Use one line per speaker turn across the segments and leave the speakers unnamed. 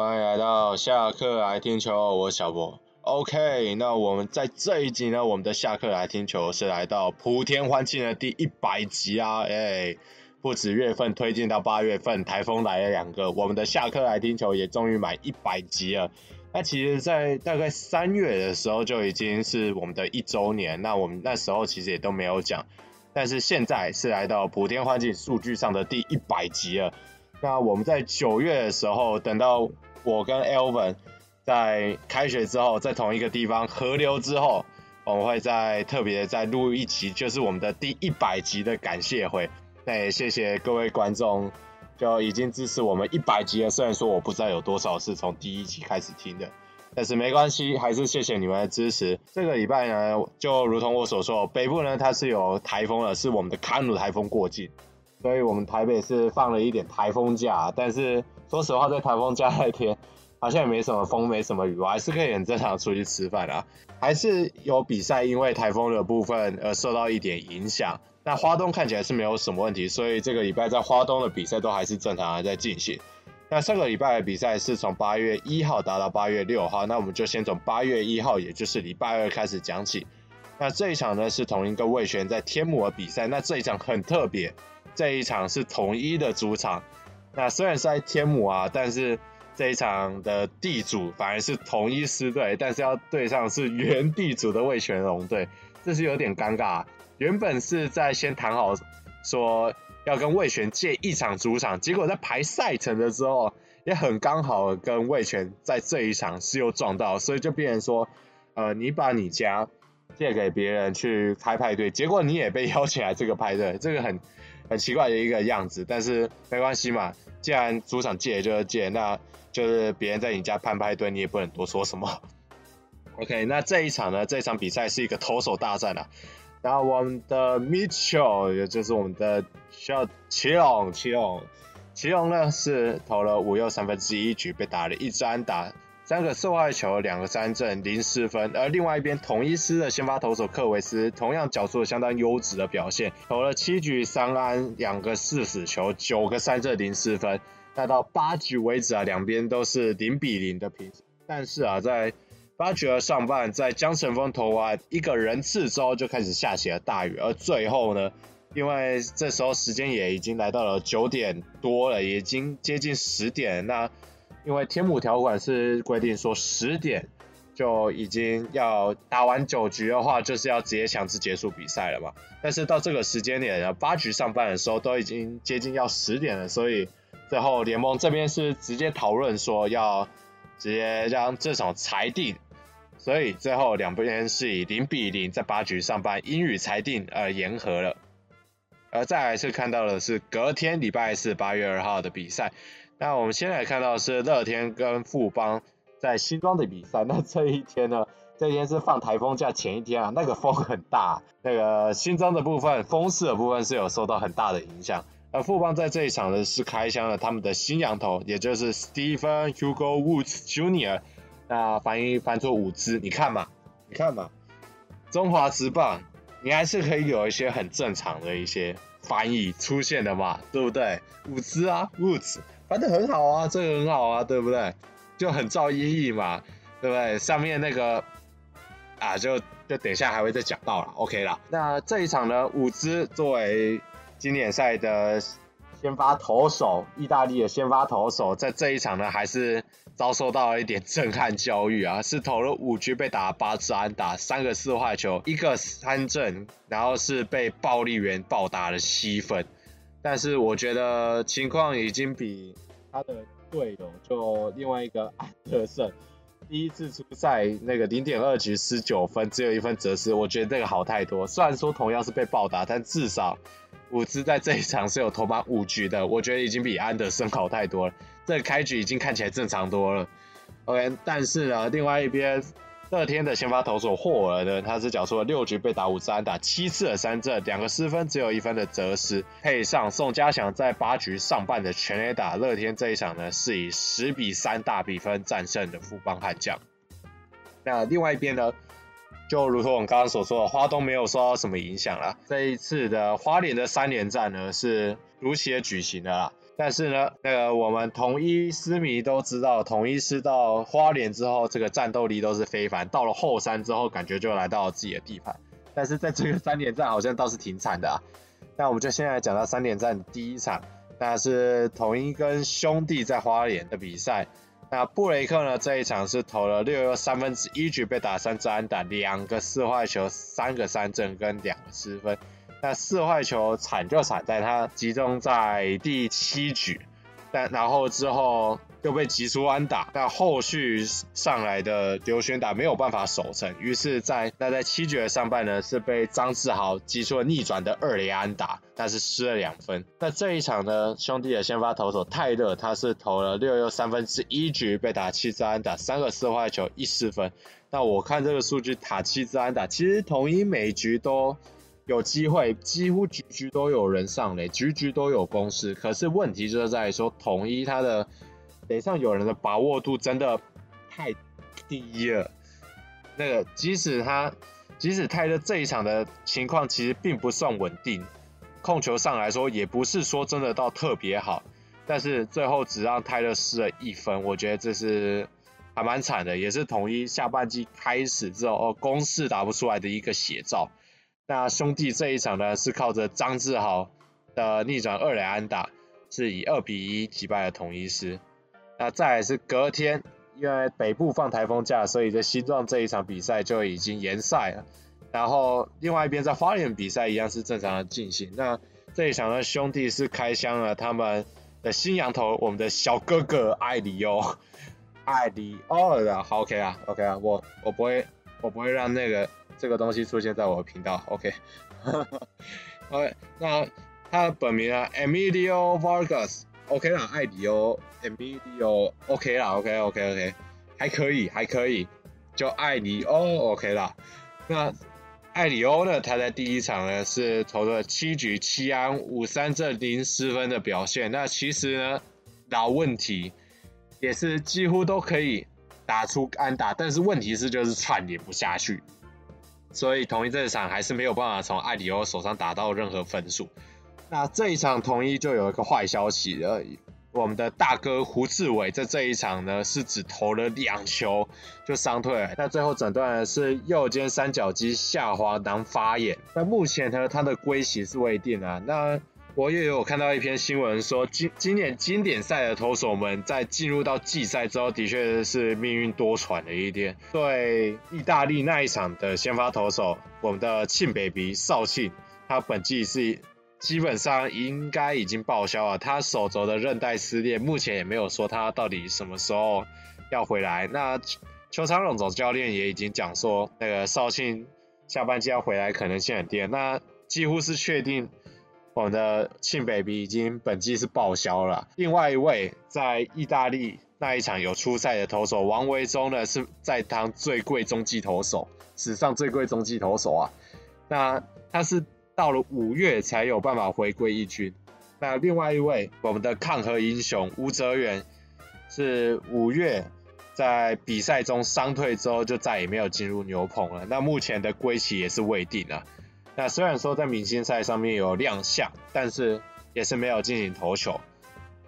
歡迎來到下課來聽球、哦，我是小柏。OK，那我們在這一集呢，我們的下課來聽球是來到普天歡慶的第一百集啊！哎、欸，不止月份推進到八月份，台風來了兩個，我們的下課來聽球也終於滿一百集了。那其實，在大概三月的時候就已經是我們的一週年，那我們那時候其實也都沒有講，但是現在是來到普天歡慶數據上的第一百集了。那我們在九月的時候，等到。我跟 Elven 在開學之後，在同一個地方合流之後，我們會再特別再錄一集，就是我們的第一百集的感謝會。那也謝謝各位觀眾，就已經支持我們一百集了。雖然說我不知道有多少是從第一集開始聽的，但是沒關係，還是謝謝你們的支持。這個禮拜呢，就如同我所說，北部呢它是有台風了，是我們的卡努台風過境，所以我們台北是放了一點台風假，但是。說實話，在颱風假那天，好像也沒什麼風，沒什麼雨，我還是可以很正常出去吃飯啊，還是有比賽，因為台風的部分而、呃、受到一點影響。那花東看起來是沒有什麼問題，所以這個禮拜在花東的比賽都還是正常還在進行。那上個禮拜的比賽是從八月一號打到八月六號，那我們就先從八月一號，也就是禮拜二開始講起。那這一場呢，是統一對味全在天母的比賽，那這一場很特別，這一場是統一的主場。那雖然是在天母啊，但是這一場的地主反而是統一獅隊，但是要對上是原地主的味全龍隊，這是有點尷尬啊。原本是在先談好說要跟味全借一場主場，結果在排賽程的時候，也很剛好跟味全在這一場是又撞到，所以就變成說，呃，你把你家借給別人去開派對，結果你也被邀請來這個派對，這個很。很奇怪的一個樣子，但是沒關係嘛，既然主場借就是借，那就是別人在你家辦派對，你也不能多說什麼。OK，那這一場呢？這一場比賽是一個投手大戰啊。然後我們的 Mitchell，也就是我們的小齊龍，齊龍，齊龍呢是投了五又三分之一局，被打了一支安打。三個四壞球，兩個三振，零失分。而另外一邊，統一獅的先發投手克維斯同樣繳出了相當優質的表現，投了七局三安，兩個四死球，九個三振，零失分。那到八局為止啊，兩邊都是零比零的平。但是啊，在八局的上半，在江晨峰投完一個人次之後，就開始下起了大雨。而最後呢，因為這時候時間也已經來到了九點多了，已經接近十點了，那。因為天母條款是規定說十點就已經要打完九局的話，就是要直接強制結束比賽了嘛。但是到這個時間點，八局上半的時候都已經接近要十點了，所以最後聯盟這邊是直接討論說要直接將這場裁定，所以最後兩邊是以零比零在八局上半，因雨裁定而言和了。而再來是看到的是隔天禮拜四八月二號的比賽，那我們先來看到的是樂天跟富邦在新莊的比賽。那這一天呢，這一天是放台風假前一天啊，那個風很大，那個新莊的部分風勢的部分是有受到很大的影響。而富邦在這一場呢是開箱了他們的新洋投，也就是 Stephen Hugo Woods Junior，那翻譯翻出五支，你看嘛，你看嘛，中華職棒。你還是可以有一些很正常的一些翻譯出現的嘛，對不對？伍茲啊，伍茲，翻得很好啊，這個很好啊，對不對？就很照音譯嘛，對不對？上面那個啊，就就等一下還會再講到啦，OK 啦。那這一場呢，伍茲作為經典賽的先發投手，意大利的先發投手，在這一場呢還是。遭受到了一點震撼教育啊！是投了五局被打八次安打，三個四壞球，一個三振，然後是被暴力員暴打了七分。但是我覺得情況已經比他的隊友就另外一個安德森，第一次出賽那個零點二局失九分，只有一分責失，我覺得那個好太多。雖然說同樣是被暴打，但至少五支在這一場是有投滿五局的，我覺得已經比安德森好太多了。這個、開局已經看起來正常多了，OK。但是呢，另外一邊，樂天的先發投手霍爾呢，他是繳出了六局被打五支安打、七次的三振、兩個失分、只有一分的責失，配上宋家祥在八局上半的全壘打，樂天這一場呢，是以十比三大比分戰勝的富邦悍將。那另外一邊呢，就如同我們剛剛所說的，花東沒有受到什麼影響了。這一次的花蓮的三連戰呢，是如期的舉行的啦。但是呢，那個我們統一獅迷都知道，統一獅到花蓮之後，這個戰鬥力都是非凡。到了後山之後，感覺就來到了自己的地盤。但是在這個三連戰好像倒是挺慘的啊。那我們就先來講到三連戰第一場，那是統一跟兄弟在花蓮的比賽。那布雷克呢，這一場是投了六又三分之一局，被打三支安打，兩個四壞球，三個三振跟兩個失分。那四壞球慘就慘在他集中在第七局，但然後之後又被擊出安打，但後續上來的劉軒荅沒有辦法守成，於是在，在那在七局的上半呢，是被張志豪擊出了逆轉的二壘安打，但是失了兩分。那這一場呢，兄弟的先發投手泰勒，他是投了六又三分之一局，被打七支安打，三個四壞球，一失分。那我看這個數據，打七支安打其實統一每局都。有機會幾乎局局都有人上壘，局局都有攻勢。可是問題就是在於說，統一他的壘上有人的把握度真的太低了。那個即使他即使泰勒這一場的情況其實並不算穩定，控球上來說也不是說真的到特別好。但是最後只讓泰勒失了一分，我覺得這是還蠻慘的，也是統一下半季開始之後哦攻勢打不出來的一個寫照。那兄弟這一場呢，是靠着張志豪的逆轉二壘安打，是以二比一擊敗了統一獅。那再來是隔天，因為北部放台風假，所以在新莊這一場比賽就已經延賽了。然後另外一邊在花蓮比賽一樣是正常的進行。那這一場呢，兄弟是開箱了他們的新洋投，我們的小哥哥艾里奧，艾里歐，好 OK 啊，OK 啊，我我不會。我不會讓那個這個東西出現在我的頻道，OK。 ，OK 那他的本名啊，Emilio Vargas，OK、OK、啦，艾里歐，Emilio，OK、OK、啦，OK，OK，OK，、OK, OK, OK, 還可以，還可以，就艾里歐，OK 啦。那艾里歐呢，他在第一場呢是投了七局七安五三振零失分的表現，那其實呢，老問題也是幾乎都可以。打出安打，但是問題是就是串連不下去，所以統一這場還是沒有辦法從艾里歐手上打到任何分數。那這一場統一就有一個壞消息了。我們的大哥胡志偉在這一場呢是只投了兩球就傷退了，那最後診斷的是右肩三角肌下滑囊發炎。那目前呢他的歸期是未定啊。那。我也有看到一篇新聞說，今今年經典賽的投手們在進入到季賽之後，的確是命運多舛的一點。對，意大利那一場的先發投手，我們的慶 baby 少慶，他本季是基本上應該已經報銷了。他手肘的韌帶撕裂，目前也沒有說他到底什麼時候要回來。那邱昌榮總教練也已經講說，那個少慶下半季要回來可能性很低，那幾乎是確定。我們的慶 Baby 已經本季是報銷了。另外一位在意大利那一場有出賽的投手王維中呢，是在當最貴中繼投手，史上最貴中繼投手啊。那他是到了五月才有辦法回歸一軍。那另外一位我們的抗韓英雄吳哲源是五月在比賽中傷退之後就再也沒有進入牛棚了。那目前的歸期也是未定啊。那雖然說在明星賽上面有亮相，但是也是沒有進行投球。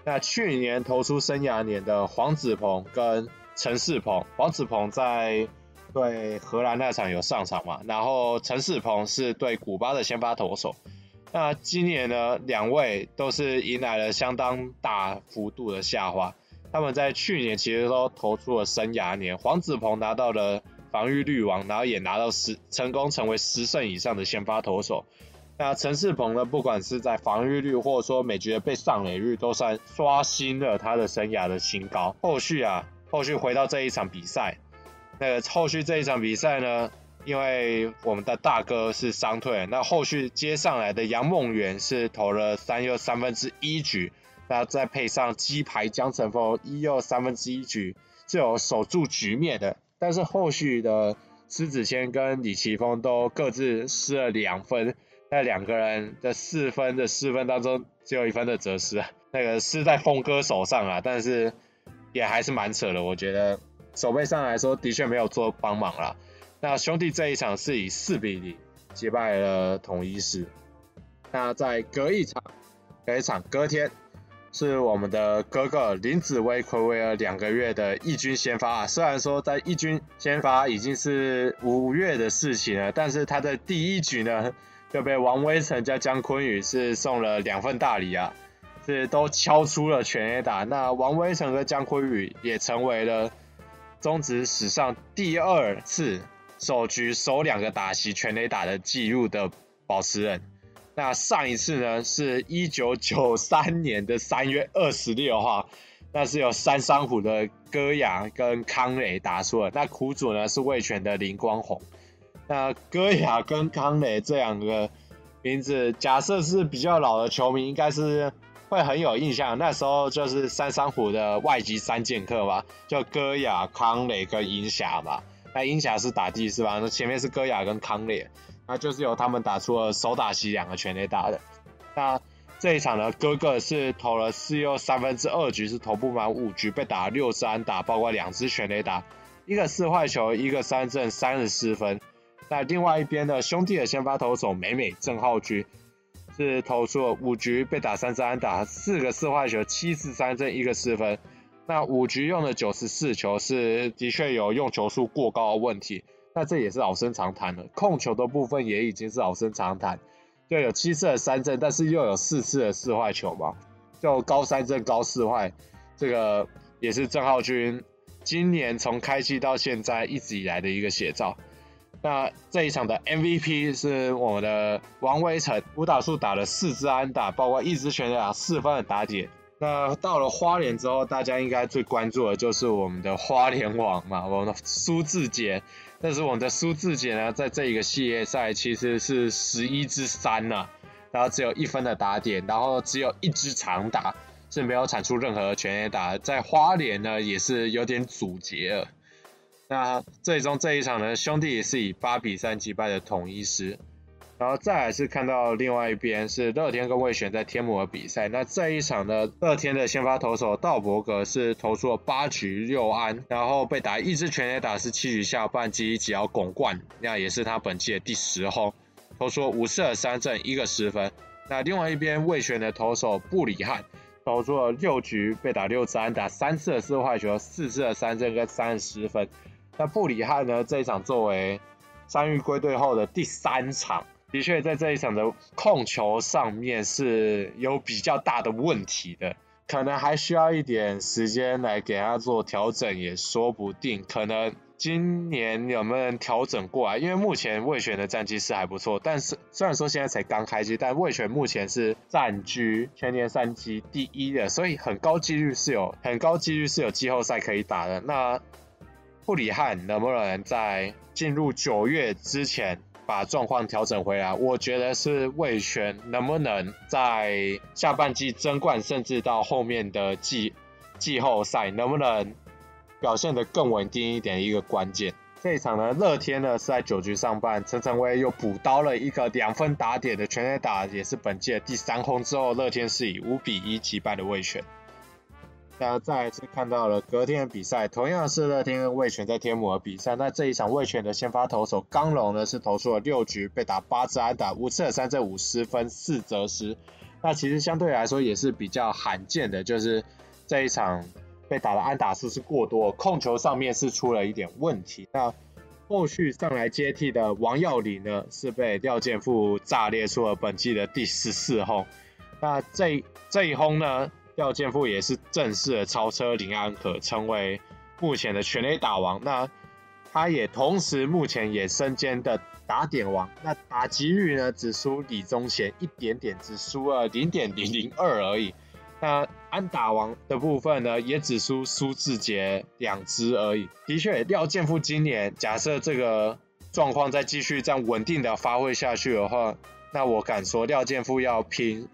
那去年投出生涯年的黃子鵬跟陳世鵬，黃子鵬在對荷蘭那場有上場嘛？然後陳世鵬是對古巴的先發投手。那今年呢，兩位都是迎來了相當大幅度的下滑。他們在去年其實都投出了生涯年，黃子鵬拿到了。防禦率王，然後也拿到十，成功成為十勝以上的先發投手。那陳世鵬呢？不管是在防禦率，或者說每局的被上壘率，都算刷新了他的生涯的新高。後續啊，後續回到這一場比賽，那個後續這一場比賽呢，因為我們的大哥是傷退了，那後續接上來的楊夢圓是投了三又三分之一局，那再配上雞排江晨峰，一又三分之一局，是有守住局面的。但是後續的施子謙跟李其峰都各自失了兩分，在兩個人的四分的四分當中，只有一分的責失，那個失在峰哥手上啊，但是也還是蠻扯的，我覺得守備上來說的確沒有做幫忙了。那兄弟這一場是以四比零擊敗了統一獅。那在隔一場，隔一場隔天。是我們的哥哥林子威，暌違了兩個月的一軍先發，雖然說在一軍先發已經是五月的事情了，但是他的第一局呢就被王威晨加江坤宇是送了兩份大禮啊，是都敲出了全壘打。那王威晨和江坤宇也成為了中職史上第二次首局首兩個打席全壘打的記錄的保持人。那上一次呢，是一九九三年的三月二十六號，那是有三商虎的戈雅跟康磊打出了。那苦主呢是味全的林光宏。那戈雅跟康磊這兩個名字，假設是比較老的球迷，應該是會很有印象。那時候就是三商虎的外籍三劍客嘛，叫戈雅、康磊跟鷹俠嘛。那鷹俠是打第四吧，那前面是戈雅跟康磊。那就是由他們打出了首打席兩個全壘打的。那這一場呢，哥哥是投了四又三分之二局，是投不滿五局，被打六支安打，包括兩支全壘打，一個四壞球，一個三振，三十四分。那另外一邊呢，兄弟的先發投手美美正好局，是投出了五局，被打三支安打，四個四壞球，七次三振，一個失分。那五局用了九十四球，是的確有用球數過高的問題。那這也是老生常談了，控球的部分也已經是老生常談，就有七次的三振，但是又有四次的四壞球嘛，就高三振高四壞，這個也是鄭浩鈞今年從開季到現在一直以來的一個寫照。那這一場的 MVP 是我們的王威晨，五打數打了四支安打，包括一支全打四分的打點。那到了花蓮之後，大家應該最關注的就是我們的花蓮王嘛，我們的蘇智傑。但是我們的蘇智傑呢，在這一個系列賽其實是十一之三吶，然後只有一分的打點，然後只有一支長打，是沒有產出任何全壘打，在花蓮呢也是有點阻截了，那最終這一場呢，兄弟也是以八比三擊敗了統一獅。然後再來是看到另外一邊是樂天跟味全在天母的比賽。那這一場呢，樂天的先發投手道伯格是投出了八局六安，然後被打一支全壘打是七局下半擊出一記鞏冠，那也是他本季的第十轟，投出了五次的三振、一個失分。那另外一邊味全的投手布里漢投出了六局，被打六支安打，三次的四壞球，四次的三振跟三失分。那布里漢呢，這一場作為傷癒歸隊後的第三場。的確，在這一場的控球上面是有比較大的問題的，可能還需要一點時間來給他做調整，也說不定。可能今年有沒有人調整過來？因為目前味全的戰績是還不錯，但是雖然說現在才剛開機，但味全目前是暫居全年戰績第一的，所以很高幾率是有，很高幾率是有季後賽可以打的。那布里漢能不能在進入九月之前，把狀況調整回來，我覺得是味全能不能在下半季爭冠，甚至到後面的季季後賽，能不能表現得更穩定一點？一個關鍵。這一場呢，樂天呢是在九局上半，陳晨威又補刀了一個兩分打點的全壘打，也是本季第三轟，之後，樂天是以五比一擊敗了味全。那再一次看到了隔天的比賽，同樣是樂天跟味全在天母的比賽。那這一場味全的先發投手鋼龍呢，是投出了六局，被打八支安打，五次的三振，五失分，四責失。那其實相對來說也是比較罕見的，就是這一場被打的安打數是過多，控球上面是出了一點問題。那後續上來接替的王躍霖呢，是被廖健富炸裂出了本季的第十四轟。那這這一轟呢？廖健富也是正式的超車林安可，成為目前的全壘打王。那他也同時目前也身兼的打點王。那打擊率呢，只輸李宗賢一點點，只輸了零點零零二而已。那安打王的部分呢，也只輸蘇志傑兩支而已。的確，廖健富今年假設這個狀況再繼續這樣穩定的發揮下去的話，那我敢說廖健富要拼。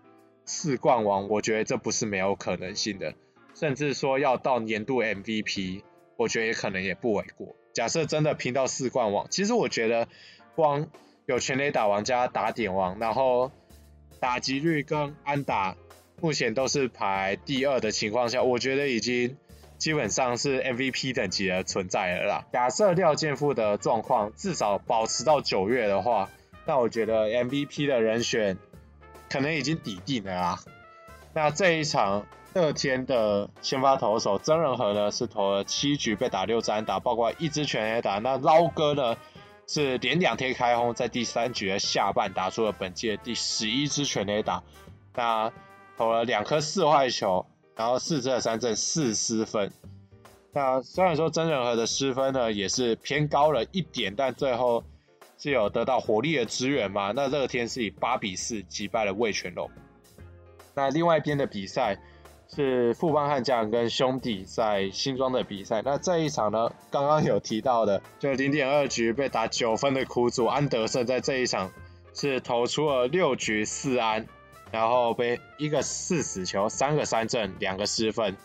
四冠王，我覺得這不是沒有可能性的，甚至說要到年度 MVP，我覺得也可能也不為過。假設真的拼到四冠王，其實我覺得光有全壘打王加打點王，然後打擊率跟安打目前都是排第二的情況下，我覺得已經基本上是 MVP 等級的存在了啦。假設廖健富的狀況至少保持到九月的話，那我覺得 MVP 的人選。可能已經底定了啊！那這一場二天的先發投手曾仁和呢，是投了七局被打六支安打，包括一支全壘打。那撈哥，呢，是連兩天開轟，在第三局的下半打出了本季第十一支全壘打，那投了兩顆四壞球，然後四次三振，四失分。那雖然說曾仁和的失分呢也是偏高了一點，但最後。是有得到火力的支援嘛？那樂天是以八比四擊敗了味全龍。那另外一邊的比賽是富邦悍將跟兄弟在新莊的比賽。那這一場呢，剛剛有提到的，就零點二局被打九分的苦主安德森，在這一場是投出了六局四安，然後被一個四死球，三個三振，兩個失分。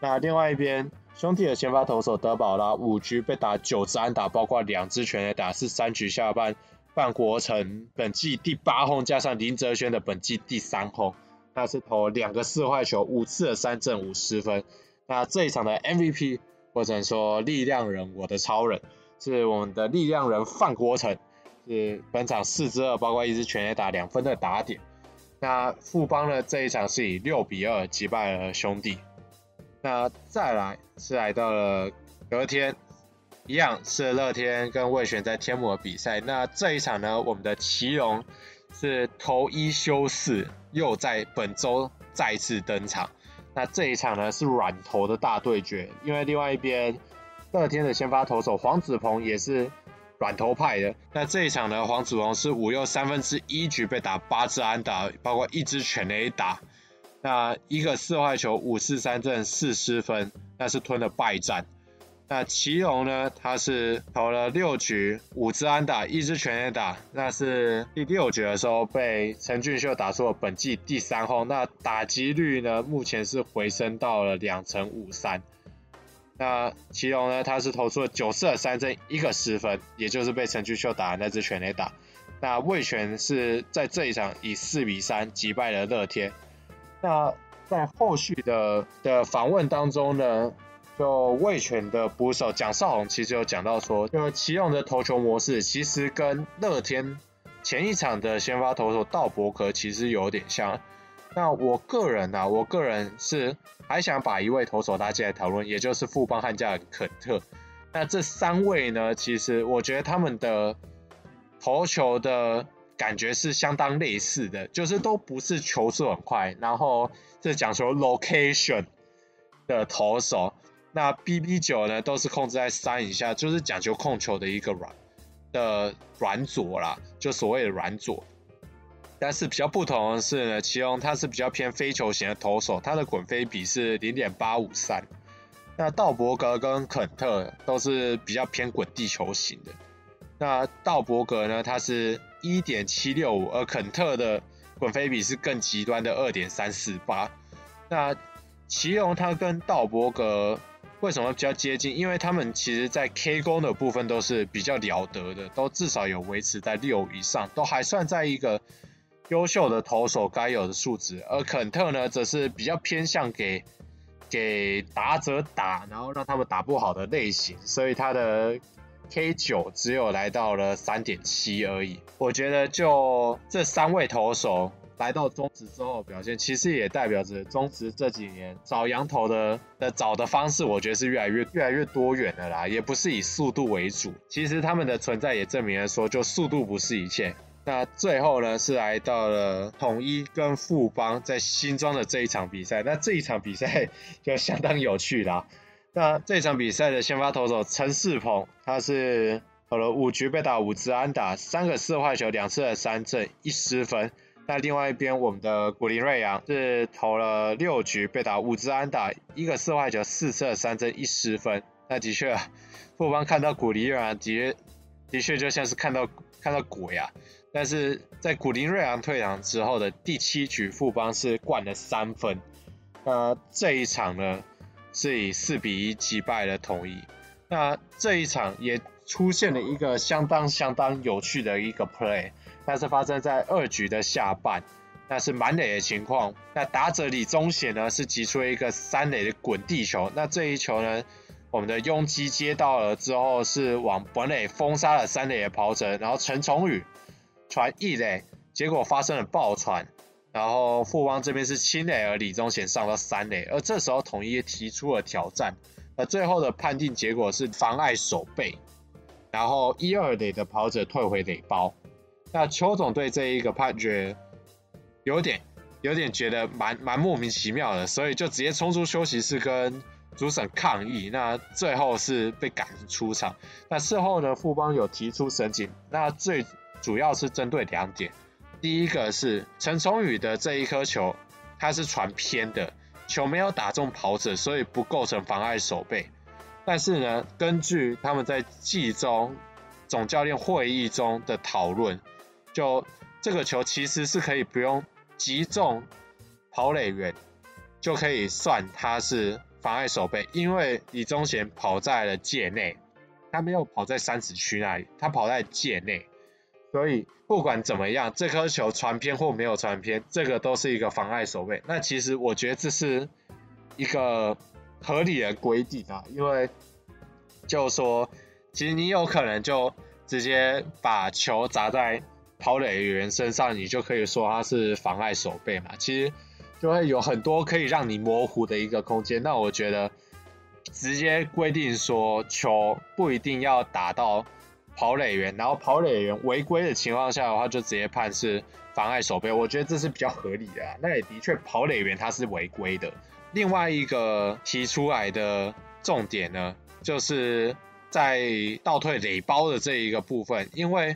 那另外一邊。兄弟的先發投手德保拉五局被打九支安打，包括兩支全壘打，是三局下半范國宸本季第八轟，加上林哲瑄的本季第三轟，他是投兩個四壞球，五次的三振、五失分。那這一場的 MVP 或者說力量人，我的超人是我們的力量人范國宸，是本場四支二，包括一支全壘打兩分的打點。那富邦呢這一場是以六比二擊敗了兄弟。那再來是來到了隔天，一樣是樂天跟味全在天母的比賽。那這一場呢，我們的祁隆是投一休四，又在本周再次登場。那這一場呢是軟投的大對決，因為另外一邊樂天的先發投手黃子鵬也是軟投派的。那這一場呢，黃子鵬是五又三分之一局被打八支安打，包括一支全壘打。那一個四壞球五四三振四失分，那是吞了敗戰。那奇隆呢，他是投了六局，五支安打，一支全壘打，那是第六局的時候被陳俊秀打出了本季第三轟。那打擊率呢，目前是回升到了兩成五三。那奇隆呢，他是投出了九四三振一個失分，也就是被陳俊秀打的那支全壘打。那味全是在這一場以四比三擊敗了樂天。那在後續的的訪問當中呢，就味全的捕手蔣少宏其實有講到說，就奇勇的投球模式其實跟樂天前一場的先發投手道伯格其實有點像。那我個人啊，我個人是還想把一位投手拉進來討論，也就是富邦悍將肯特。那這三位呢，其實我覺得他們的投球的。感覺是相當類似的，就是都不是球速很快，然後是講求 location 的投手。那 BB 九呢，都是控制在三以下，就是講究控球的一個軟的軟左啦，就所謂的軟左。但是比較不同的是呢，其中他是比較偏飛球型的投手，他的滾飛比是零點八五三。那道伯格跟肯特都是比較偏滾地球型的。那道伯格呢，他是一點七六五，而肯特的滾飛比是更極端的二點三四八。那奇隆他跟道伯格為什麼比較接近？因為他們其實在 K 功的部分都是比較了得的，都至少有維持在六以上，都還算在一個優秀的投手該有的數值。而肯特呢，則是比較偏向給給打者打，然後讓他們打不好的類型，所以他的 K 九只有來到了三點七而已，我覺得就這三位投手來到中職之後表現，其實也代表着中職這幾年找洋投的的找的方式，我覺得是越來越越來越多元了啦，也不是以速度為主。其實他們的存在也證明了說，就速度不是一切。那最後呢是來到了統一跟富邦在新莊的這一場比賽，那這一場比賽就相當有趣啦。那這場比賽的先發投手陳世鵬，他是投了五局被打五支安打，三個四壞球，兩次的三振，一失分。那另外一邊我們的古林睿煬是投了六局被打五支安打，一個四壞球，四次的三振，一失分。那的確、啊，富邦看到古林睿煬的確的確就像是看到看到鬼啊！但是在古林睿煬退場之後的第七局，富邦是灌了三分。那這一場呢，是以四比一擊敗了統一。那這一場也出現了一個相當相當有趣的一個 play，那是發生在二局的下半，那是滿壘的情況。那打者李宗賢呢是擊出了一個三壘的滾地球，那這一球呢，我們的擁基接到了之後是往本壘封殺了三壘的跑者，然後陳重羽傳一壘，結果發生了暴傳。然後富邦這邊是清壘，而李宗賢上了三壘，而這時候統一提出了挑戰，那最後的判定結果是妨礙守備，然後一二壘的跑者退回壘包。那邱總對這一個判決有點有點覺得蠻蠻莫名其妙的，所以就直接衝出休息室跟主審抗議。那最後是被趕出場。那事後呢，富邦有提出申請，那最主要是針對兩點。第一個是陳崇宇的這一顆球，它是傳偏的，球沒有打中跑者，所以不構成妨礙守備。但是呢，根據他們在季中總教練會議中的討論，就這個球其實是可以不用擊中跑壘員，就可以算他是妨礙守備，因為李宗賢跑在了界內，他沒有跑在三呎區那裡，他跑在界內。所以不管怎麼樣，這顆球傳偏或沒有傳偏，這個都是一個妨礙守備。那其實我覺得這是一個合理的規定啊，因為就說其實你有可能就直接把球砸在跑壘員身上，你就可以說它是妨礙守備嘛。其實就會有很多可以讓你模糊的一個空間。那我覺得直接規定說球不一定要打到。跑壘員，然後跑壘員違規的情況下的話，就直接判是妨礙守備，我覺得這是比較合理的啊。那也的確，跑壘員他是違規的。另外一個提出來的重點呢，就是在倒退壘包的這一個部分，因為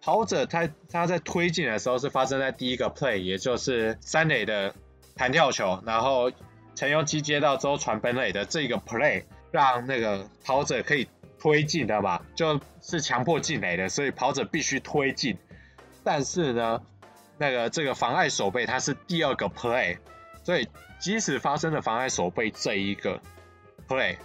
跑者他他在推進的時候是發生在第一個 play，也就是三壘的彈跳球，然後陳鏞基接到之後傳本壘的這個 play，讓那個跑者可以。推進的吧？就是強迫進壘的，所以跑者必須推進。但是呢，那個這個妨礙守備它是第二個 play，所以即使發生了妨礙守備這一個 play，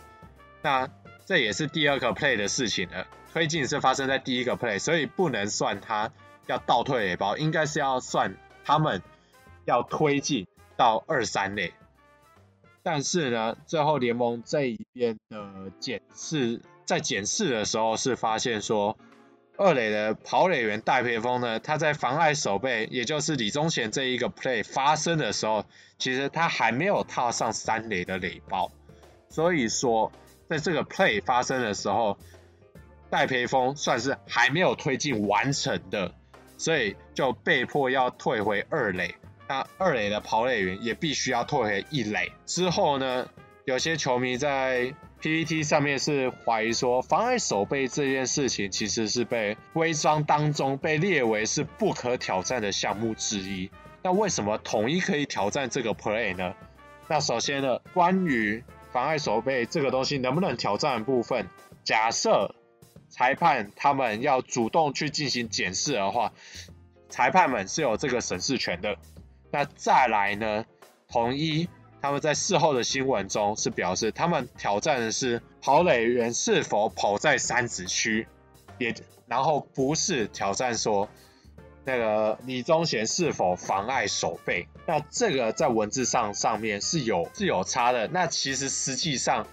那這也是第二個 play 的事情了。推進是發生在第一個 play，所以不能算他要倒退壘包，應該是要算他們要推進到二三壘。但是呢，最後聯盟這一邊的檢視。在檢視的時候，是發現說二壘的跑壘員戴培峰呢，他在妨礙守備，也就是李宗賢這一個 play 發生的時候，其實他還沒有踏上三壘的壘包，所以說在這個 play 發生的時候，戴培峰算是還沒有推進完成的，所以就被迫要退回二壘，那二壘的跑壘員也必須要退回一壘。之後呢，有些球迷在。PPT 上面是懷疑說妨礙守備這件事情其實是被規章當中被列為是不可挑戰的項目之一。那為什麼統一可以挑戰這個 play 呢？那首先呢，關於妨礙守備這個東西能不能挑戰的部分，假設裁判他們要主動去進行檢視的話，裁判們是有這個審視權的。那再來呢，統一。他們在事後的新聞中是表示，他們挑戰的是跑壘員是否跑在三呎區，也然後不是挑戰說那個李宗賢是否妨礙守備。那這個在文字上上面是有是有差的。那其實實際上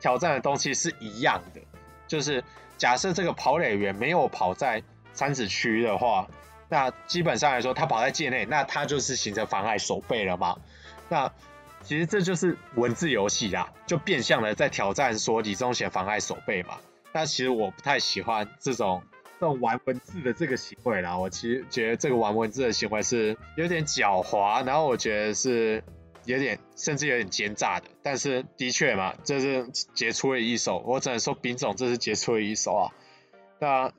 挑戰的東西是一樣的，就是假設這個跑壘員沒有跑在三呎區的話，那基本上來說他跑在界內，那他就是形成妨礙守備了嘛。那其實這就是文字遊戲啦，就變相的在挑戰說李宗賢妨礙守備嘛。但其實我不太喜歡這種這種玩文字的這個行為啦。我其實覺得這個玩文字的行為是有點狡猾，然後我覺得是有點甚至有點奸詐的。但是的確嘛，這是傑出的一手，我只能說丙總這是傑出的一手啊。那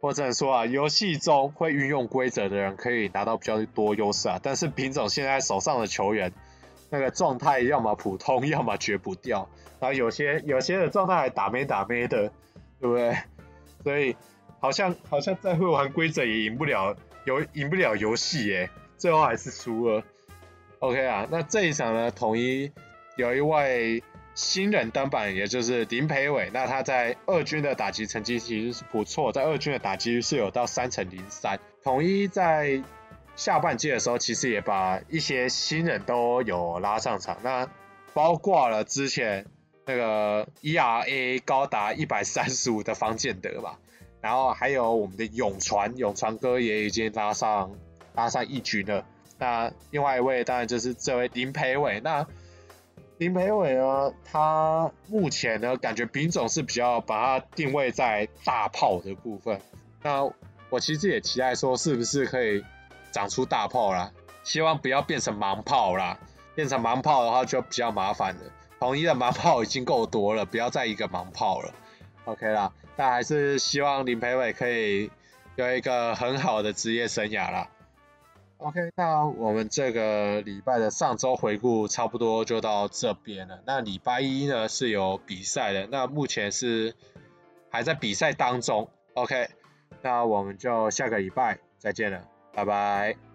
我只能說啊，遊戲中會運用規則的人可以拿到比較多優勢啊。但是丙總現在手上的球員。那個狀態要麼普通，要麼絕不掉。然後有些有些的狀態還打沒打沒的，對不對？所以好像好像再會玩規則也贏不了遊贏不了遊戲耶，最後還是輸了。OK 啊，那這一場呢，統一有一位新人登板人，也就是林培偉。那他在二軍的打擊成績其實是不錯，在二軍的打擊率是有到三成零三。統一在，下半季的時候，其實也把一些新人都有拉上場，那包括了之前那個 ERA 高達一百三十五的方建德吧，然後還有我們的永傳永傳哥也已經拉上拉上一局了，那另外一位當然就是這位林培偉，那林培偉呢，他目前呢感覺兵種是比較把他定位在大炮的部分，那我其實也期待說是不是可以。長出大炮啦，希望不要變成盲炮啦。變成盲炮的話就比較麻煩了。統一的盲炮已經夠多了，不要再一個盲炮了。OK 啦，但還是希望林培偉可以有一個很好的職業生涯啦。OK，那我們這個禮拜的上周回顧差不多就到這邊了。那禮拜一呢是有比賽的，那目前是還在比賽當中。OK，那我們就下個禮拜再見了。拜拜。